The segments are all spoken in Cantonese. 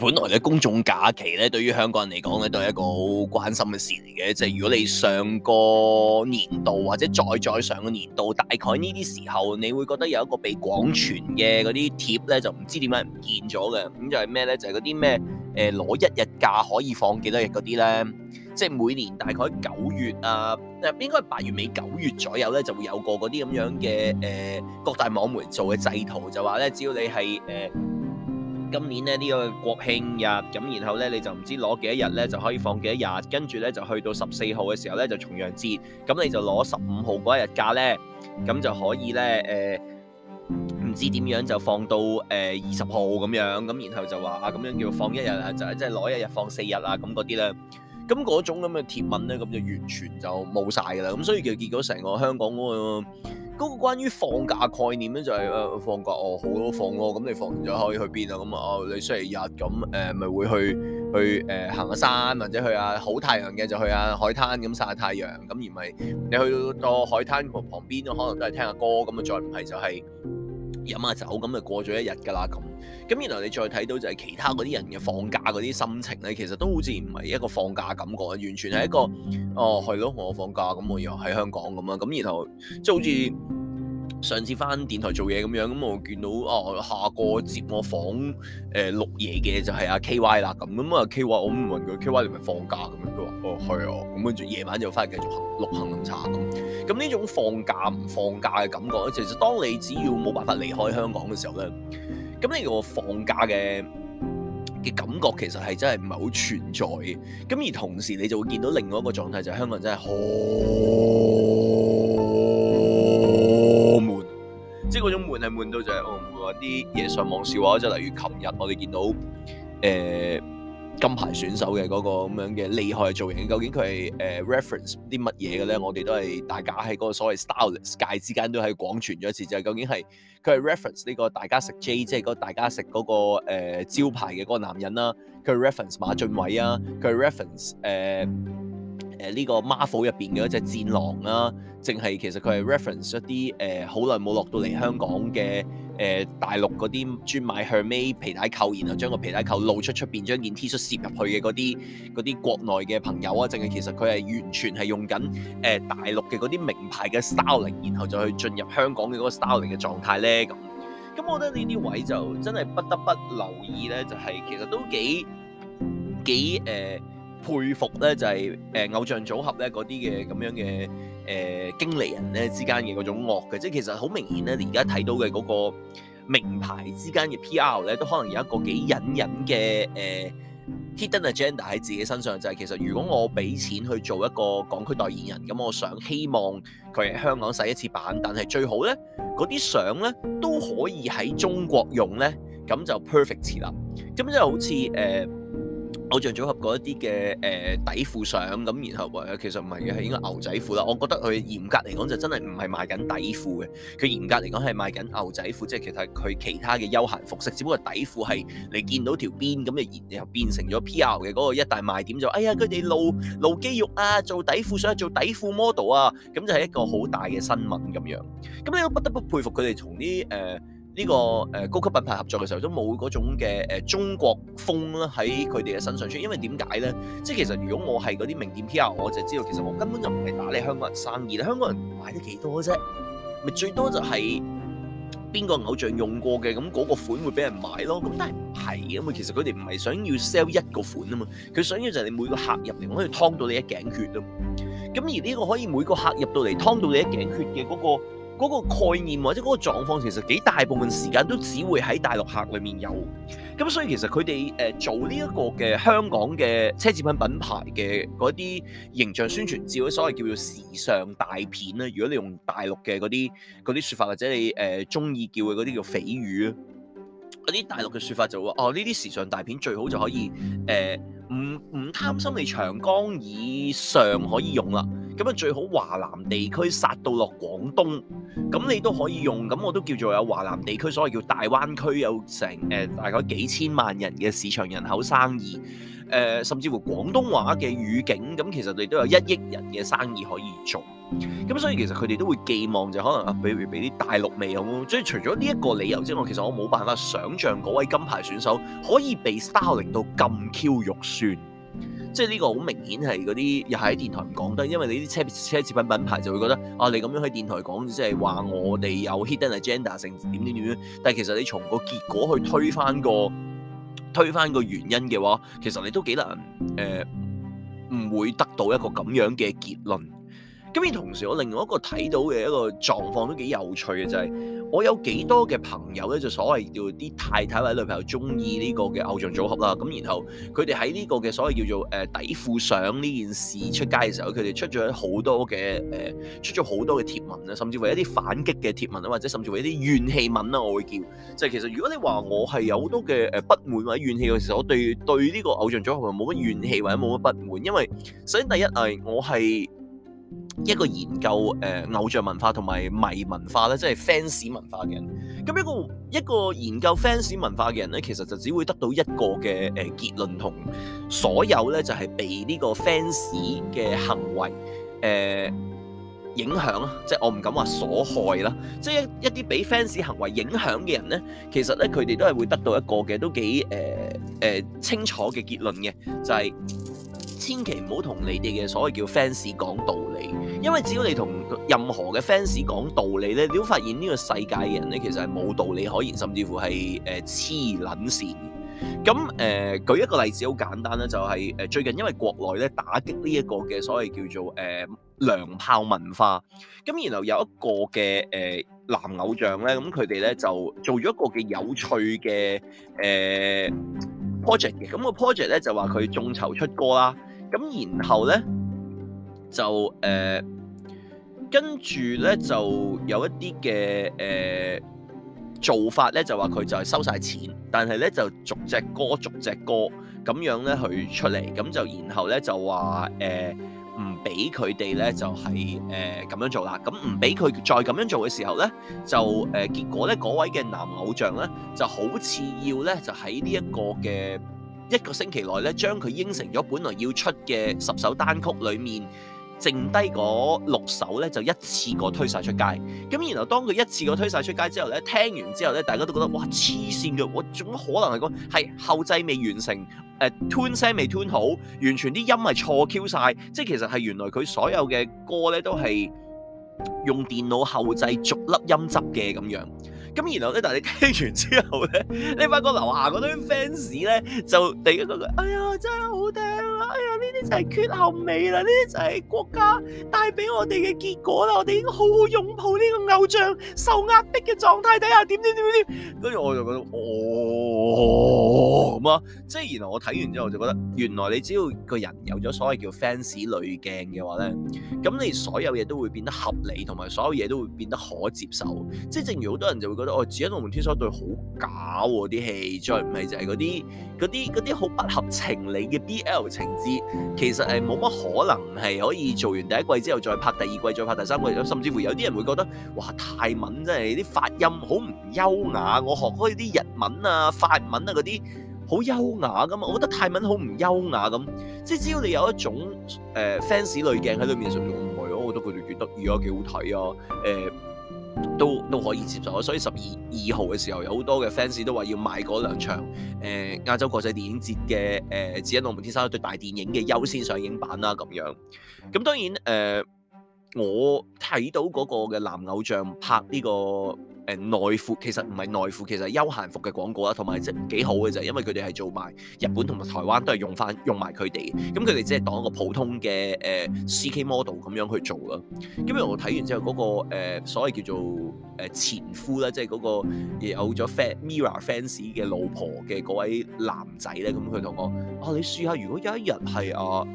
本來咧公眾假期咧，對於香港人嚟講咧，都係一個好關心嘅事嚟嘅。就係、是、如果你上個年度或者再再上個年度，大概呢啲時候，你會覺得有一個被廣傳嘅嗰啲貼咧，就唔知點解唔見咗嘅。咁就係咩咧？就係嗰啲咩誒攞一日假可以放幾多日嗰啲咧？即係每年大概九月啊，應該八月尾九月左右咧，就會有個嗰啲咁樣嘅誒、呃、各大網媒做嘅製圖，就話咧，只要你係誒。呃今年咧呢、呢個國慶日，咁然後咧你就唔知攞幾多日咧就可以放幾多日，跟住咧就去到十四號嘅時候咧就重陽節，咁你就攞十五號嗰一日假咧，咁就可以咧誒唔知點樣就放到誒二十號咁樣，咁然後就話啊咁樣叫放一日啊，就係即係攞一日放四日啊咁嗰啲咧，咁嗰種咁嘅貼文咧咁就完全就冇晒噶啦，咁所以其實結果成個香港嗰個嗰個關於放假概念咧，就係、是、誒放假哦，好多放咯，咁、哦、你放完咗可以去邊啊？咁、哦、啊，你星期日咁誒，咪、呃、會去去誒、呃、行下山，或者去啊好太陽嘅就去啊海灘咁曬下太陽，咁而咪你去到個海灘旁邊，可能都係聽下歌咁啊，再唔係就係、是。飲下酒咁就過咗一日噶啦咁，咁然後你再睇到就係其他嗰啲人嘅放假嗰啲心情咧，其實都好似唔係一個放假感覺，完全係一個哦係咯，我放假咁我又喺香港咁啊，咁然後即係好似上次翻電台做嘢咁樣，咁我見到哦下個接我房誒、呃、錄嘢嘅就係阿 K Y 啦咁，咁啊 K Y 我唔問佢 K Y 你咪放假咁樣，佢話哦係啊，咁跟住夜晚就翻嚟繼續錄行濃茶咁。咁呢種放假唔放假嘅感覺咧，其實當你只要冇辦法離開香港嘅時候咧，咁呢個放假嘅嘅感覺其實係真係唔係好存在嘅。咁而同時你就會見到另外一個狀態，就係香港人真係好悶， 即係嗰種悶係悶到就係我唔會話啲嘢上網笑話就例如琴日我哋見到誒、呃金牌選手嘅嗰個咁樣嘅厲害造型，究竟佢係誒、呃、reference 啲乜嘢嘅咧？我哋都係大家喺嗰個所謂 stylist 界之間都係廣傳咗一次，就係、是、究竟係佢係 reference 呢個大家食 J，即係嗰大家食嗰、那個、呃、招牌嘅嗰個男人啦，佢係 reference 馬俊偉啊，佢係 reference 誒、呃、誒呢、呃這個 Marvel 入邊嘅嗰隻戰狼啦，淨係其實佢係 reference 一啲誒好耐冇落到嚟香港嘅。誒、呃、大陸嗰啲專賣向尾皮帶扣，然後將個皮帶扣露出出邊，將件 T 恤攝入去嘅嗰啲啲國內嘅朋友啊，淨係其實佢係完全係用緊誒、呃、大陸嘅嗰啲名牌嘅 styling，然後就去進入香港嘅嗰個 styling 嘅狀態咧。咁咁，我覺得呢啲位就真係不得不留意咧，就係、是、其實都幾幾誒佩服咧，就係、是、誒、呃、偶像組合咧嗰啲嘅咁樣嘅。誒、呃、經理人咧之間嘅嗰種惡嘅，即係其實好明顯咧，而家睇到嘅嗰個名牌之間嘅 PR 咧，都可能有一個幾隱隱嘅誒、呃、hidden agenda 喺自己身上，就係、是、其實如果我俾錢去做一個港區代言人，咁我想希望佢喺香港洗一次版，但係最好咧嗰啲相咧都可以喺中國用咧，咁就 perfect 啦。咁即係好似誒。呃偶像組合嗰一啲嘅誒底褲相咁，然後其實唔係嘅，係應該牛仔褲啦。我覺得佢嚴格嚟講就真係唔係賣緊底褲嘅，佢嚴格嚟講係賣緊牛仔褲，即係其實佢其他嘅休閒服飾。只不過底褲係你見到條邊咁，然後又變成咗 P.R. 嘅嗰、嗰個一大賣點就，就哎呀佢哋露露肌肉啊，做底褲相，做底褲 model 啊，咁就係一個好大嘅新聞咁樣。咁咧我不得不佩服佢哋從啲誒。呃呢、這個誒、呃、高級品牌合作嘅時候都冇嗰種嘅誒、呃、中國風啦，喺佢哋嘅身上出現，因為點解咧？即係其實如果我係嗰啲名店 P.R.，我就知道其實我根本就唔係打你香港人生意啦。香港人買得幾多啫？咪最多就係邊個偶像用過嘅，咁嗰個款會俾人買咯。咁但係唔係嘅嘛？因為其實佢哋唔係想要 sell 一個款啊嘛，佢想要就係你每個客入嚟，我可以劏到你一頸血啊。咁而呢個可以每個客入到嚟劏到你一頸血嘅嗰、那個，嗰個概念或者嗰個狀況，其實幾大部分時間都只會喺大陸客裏面有，咁所以其實佢哋誒做呢一個嘅香港嘅奢侈品品牌嘅嗰啲形象宣傳照，所謂叫做時尚大片啦。如果你用大陸嘅嗰啲嗰啲説法，或者你誒鍾意叫佢嗰啲叫蜚語啊，嗰啲大陸嘅説法就會話：哦，呢啲時尚大片最好就可以誒，唔、呃、唔貪心你長江以上可以用啦。咁啊最好華南地區殺到落廣東，咁你都可以用，咁我都叫做有華南地區所謂叫大灣區有成誒、呃、大概幾千萬人嘅市場人口生意，誒、呃、甚至乎廣東話嘅語境，咁其實你都有一億人嘅生意可以做，咁所以其實佢哋都會寄望就可能啊，比如俾啲大陸味咁，所以除咗呢一個理由之外，其實我冇辦法想像嗰位金牌選手可以被 Starling 到咁 Q 肉酸。即係呢個好明顯係嗰啲又喺電台唔講得，因為你啲奢奢侈品品牌就會覺得啊，你咁樣喺電台講，即係話我哋有 hidden agenda 性質點點點樣。但係其實你從個結果去推翻個推翻個原因嘅話，其實你都幾難誒，唔、呃、會得到一個咁樣嘅結論。咁而同時，我另外一個睇到嘅一個狀況都幾有趣嘅就係、是。我有幾多嘅朋友咧，就所謂叫啲太太或者女朋友鍾意呢個嘅偶像組合啦。咁然後佢哋喺呢個嘅所謂叫做誒、呃、底褲上呢件事出街嘅時候，佢哋出咗好多嘅誒、呃，出咗好多嘅貼文啦，甚至乎一啲反擊嘅貼文啦，或者甚至乎一啲怨氣文啦，我會叫。就係、其實如果你話我係有好多嘅誒、不滿或者怨氣嘅時候，我對對呢個偶像組合冇乜怨氣或者冇乜不滿，因為首先第一誒，我係。一個研究誒、呃、偶像文化同埋迷文化咧，即係 fans 文化嘅人，咁一個一個研究 fans 文化嘅人咧，其實就只會得到一個嘅誒、呃、結論，同所有咧就係、是、被呢個 fans 嘅行為誒、呃、影響啦，即係我唔敢話所害啦，即係一啲俾 fans 行為影響嘅人咧，其實咧佢哋都係會得到一個嘅，都幾誒誒、呃呃、清楚嘅結論嘅，就係、是、千祈唔好同你哋嘅所謂叫 fans 講道。因為只要你同任何嘅 fans 講道理咧，你都發現呢個世界嘅人咧，其實係冇道理可言，甚至乎係誒黐撚線。咁誒舉一個例子好簡單啦，就係、是、誒、呃、最近因為國內咧打擊呢一個嘅所謂叫做誒糧、呃、炮文化，咁然後有一個嘅誒、呃、男偶像咧，咁佢哋咧就做咗一個嘅有趣嘅誒、呃、project 嘅。咁個 project 咧就話佢眾籌出歌啦，咁然後咧。就誒、呃、跟住咧，就有一啲嘅誒做法咧，就話佢就係收晒錢，但係咧就逐隻歌逐隻歌咁樣咧去出嚟，咁就然後咧就話誒唔俾佢哋咧就係誒咁樣做啦，咁唔俾佢再咁樣做嘅時候咧，就誒、呃、結果咧嗰位嘅男偶像咧就好似要咧就喺呢一個嘅一個星期內咧將佢應承咗本來要出嘅十首單曲裡面。剩低嗰六首咧，就一次過推晒出街。咁然後當佢一次過推晒出街之後咧，聽完之後咧，大家都覺得哇黐線嘅，我仲可能係講係後製未完成，誒吞聲未吞好，完全啲音係錯 Q 晒，即係其實係原來佢所有嘅歌咧，都係用電腦後製逐粒音質嘅咁樣。咁然後咧，但係你聽完之後咧，你發覺樓下嗰堆 fans 咧，就第一個佢、哎，哎呀真係好聽啊！哎呀呢啲就係缺陷美啦，呢啲就係國家帶俾我哋嘅結果啦，我哋應該好好擁抱呢個偶像受壓迫嘅狀態底下點點點點，跟住我就覺得哦！」即係原來我睇完之後就覺得，原來你只要個人有咗所謂叫 fans 濾鏡嘅話咧，咁你所有嘢都會變得合理，同埋所有嘢都會變得可接受。即係正如好多人就會覺得哦，哎《紫金龍門天鎖隊》好假喎啲戲，再唔係就係嗰啲啲啲好不合情理嘅 BL 情節，其實係冇乜可能係可以做完第一季之後再拍第二季，再拍第三季。甚至乎有啲人會覺得哇，泰文真係啲發音好唔優雅，我學開啲日文啊、法文啊嗰啲。好優雅噶嘛，我覺得泰文好唔優雅咁，即係只要你有一種誒 fans、呃、 濾鏡喺裏面，實在唔係咯，我覺得佢哋幾得意啊，幾好睇啊，誒、呃、都都可以接受啊。所以十二二號嘅時候，有好多嘅 fans 都話要買嗰兩場誒、呃、亞洲國際電影節嘅誒《只因我們天生一對》大電影嘅優先上映版啦，咁樣。咁、嗯、當然誒、呃，我睇到嗰個嘅男偶像拍呢、這個。誒、呃、內褲其實唔係內褲，其實,其實係休閒服嘅廣告啦，同埋即係幾好嘅就係，因為佢哋係做埋日本同埋台灣都係用翻用埋佢哋，咁佢哋即係當一個普通嘅誒、呃、CK model 咁樣去做咯。今日我睇完之後，嗰、那個、呃、所謂叫做誒前夫啦，即係嗰個有咗 Mirror fans 嘅老婆嘅嗰位男仔咧，咁佢同我啊，你試下如果有一日係啊。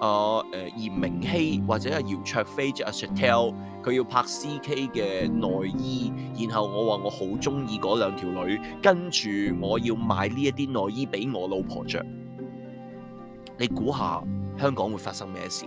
啊，誒炎、uh，明熹或者阿姚焯菲着阿 Chantel 佢要拍 CK 嘅內衣，然後我話我好中意嗰兩條女，跟住我要買呢一啲內衣俾我老婆着。你估下香港會發生咩事？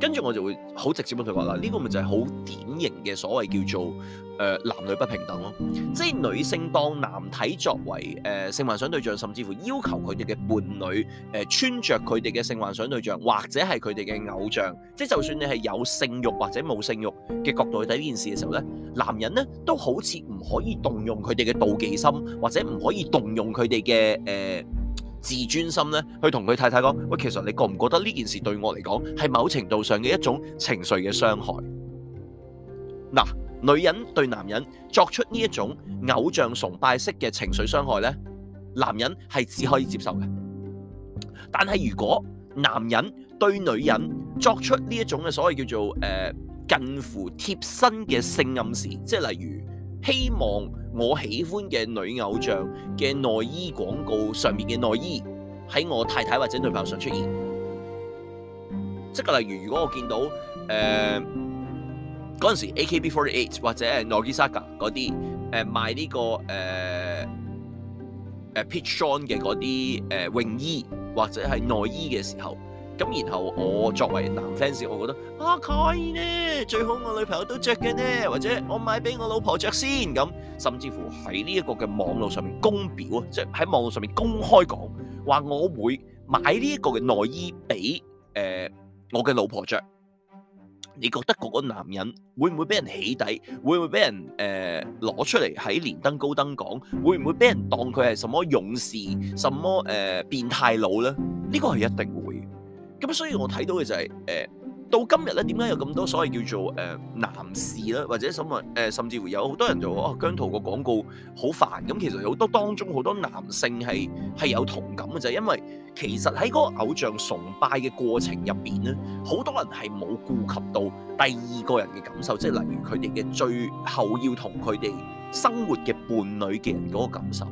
跟住我就會好直接咁同佢講啦，呢個咪就係好典型嘅所謂叫做誒男女不平等咯，即係女性當男體作為誒性幻想對象，甚至乎要求佢哋嘅伴侶誒穿着佢哋嘅性幻想對象，或者係佢哋嘅偶像，即係就算你係有性慾或者冇性慾嘅角度去睇呢件事嘅時候咧，男人咧都好似唔可以動用佢哋嘅妒忌心，或者唔可以動用佢哋嘅誒，自尊心咧，去同佢太太講，喂，其實你覺唔覺得呢件事對我嚟講，係某程度上嘅一種情緒嘅傷害？嗱、呃，女人對男人作出呢一種偶像崇拜式嘅情緒傷害呢，男人係只可以接受嘅。但係如果男人對女人作出呢一種嘅所謂叫做誒、呃、近乎貼身嘅性暗示，即係例如希望。我喜歡嘅女偶像嘅內衣廣告上面嘅內衣喺我太太或者女朋友上出現，即係例如如果我見到誒嗰陣時 AKB48 或者係乃木坂嗰啲誒賣呢個誒誒 Peach John 嘅嗰啲誒泳衣或者係內衣嘅時候。咁然後我作為男 fans，我覺得啊、哦、可以咧，最好我女朋友都着嘅呢，或者我買俾我老婆着先咁，甚至乎喺呢一個嘅網絡上面公表啊，即係喺網絡上面公開講話，我會買呢一個嘅內衣俾誒、呃、我嘅老婆着。」你覺得嗰個男人會唔會俾人起底？會唔會俾人誒攞、呃、出嚟喺連登高登講？會唔會俾人當佢係什麼勇士、什麼誒、呃、變態佬咧？呢、這個係一定會。咁所以我睇到嘅就係、是、誒、呃、到今日咧，點解有咁多所謂叫做誒、呃、男士啦，或者什麼誒，甚至乎有好多人就話哦，姜濤個廣告好煩。咁其實有好多當中好多男性係係有同感嘅，就係因為其實喺嗰個偶像崇拜嘅過程入邊咧，好多人係冇顧及到第二個人嘅感受，即係例如佢哋嘅最後要同佢哋生活嘅伴侶嘅人嗰個感受。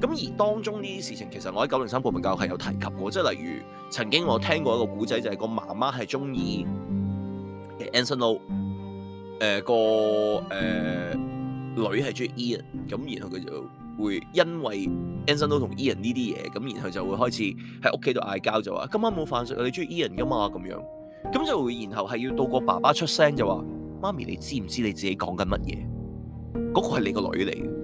咁而當中呢啲事情，其實我喺九零三部門教育係有提及過，即係例如曾經我聽過一個古仔，就係、是、個媽媽係中意 Anson Lo，誒、呃、個誒、呃、女係中意 Ian，咁然後佢就會因為 Anson Lo 同 Ian 呢啲嘢，咁然後就會開始喺屋企度嗌交，就話今晚冇飯食，你中意 Ian 㗎嘛咁樣，咁就會然後係要到個爸爸出聲，就話媽咪你知唔知你自己講緊乜嘢？嗰、那個係你個女嚟。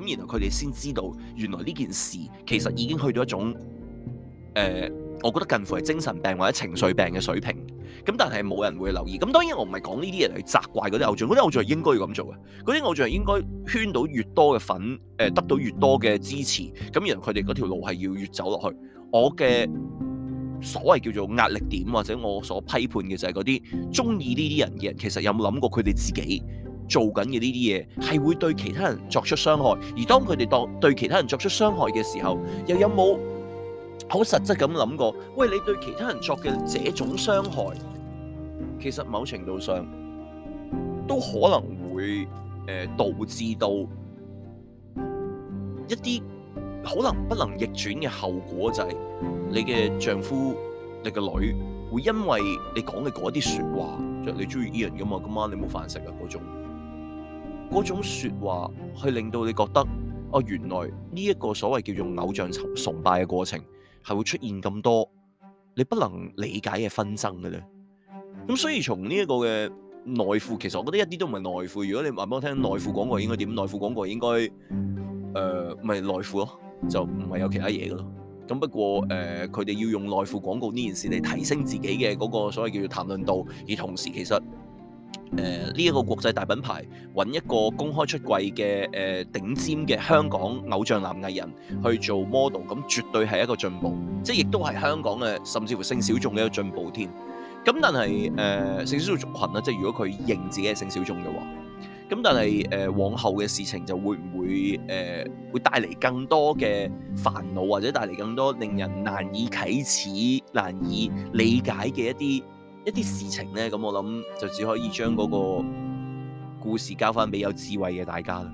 咁然後佢哋先知道，原來呢件事其實已經去到一種，誒、呃，我覺得近乎係精神病或者情緒病嘅水平。咁但係冇人會留意。咁當然我唔係講呢啲人嚟責怪嗰啲偶像，嗰啲偶像應該要咁做嘅。嗰啲偶像應該圈到越多嘅粉，誒、呃、得到越多嘅支持，咁然後佢哋嗰條路係要越走落去。我嘅所謂叫做壓力點，或者我所批判嘅就係嗰啲中意呢啲人嘅人，其實有冇諗過佢哋自己？做緊嘅呢啲嘢係會對其他人作出傷害，而當佢哋當對其他人作出傷害嘅時候，又有冇好實質咁諗過？喂，你對其他人作嘅這種傷害，其實某程度上都可能會誒、呃、導致到一啲可能不能逆轉嘅後果，就是，就係你嘅丈夫、你嘅女會因為你講嘅嗰啲説話，就你中意 Ian 㗎嘛，今晚你冇飯食啊嗰種。嗰種説話係令到你覺得啊、哦，原來呢一個所謂叫做偶像崇拜嘅過程係會出現咁多你不能理解嘅紛爭嘅咧。咁所以從呢一個嘅內褲，其實我覺得一啲都唔係內褲。如果你話畀我聽內褲廣告應該點，內褲廣告應該誒咪內褲咯，就唔、是、係有其他嘢嘅咯。咁不過誒，佢、呃、哋要用內褲廣告呢件事嚟提升自己嘅嗰個所謂叫做談論度，而同時其實。誒呢一個國際大品牌揾一個公開出櫃嘅誒頂尖嘅香港偶像男藝人去做 model，咁絕對係一個進步，即係亦都係香港嘅甚至乎性小眾嘅一個進步添。咁但係誒、呃、性小眾族群咧，即係如果佢認自己係性小眾嘅話，咁但係誒、呃、往後嘅事情就會唔會誒、呃、會帶嚟更多嘅煩惱，或者帶嚟更多令人難以啟齒、難以理解嘅一啲。一啲事情咧，咁我諗就只可以將嗰個故事交翻俾有智慧嘅大家啦。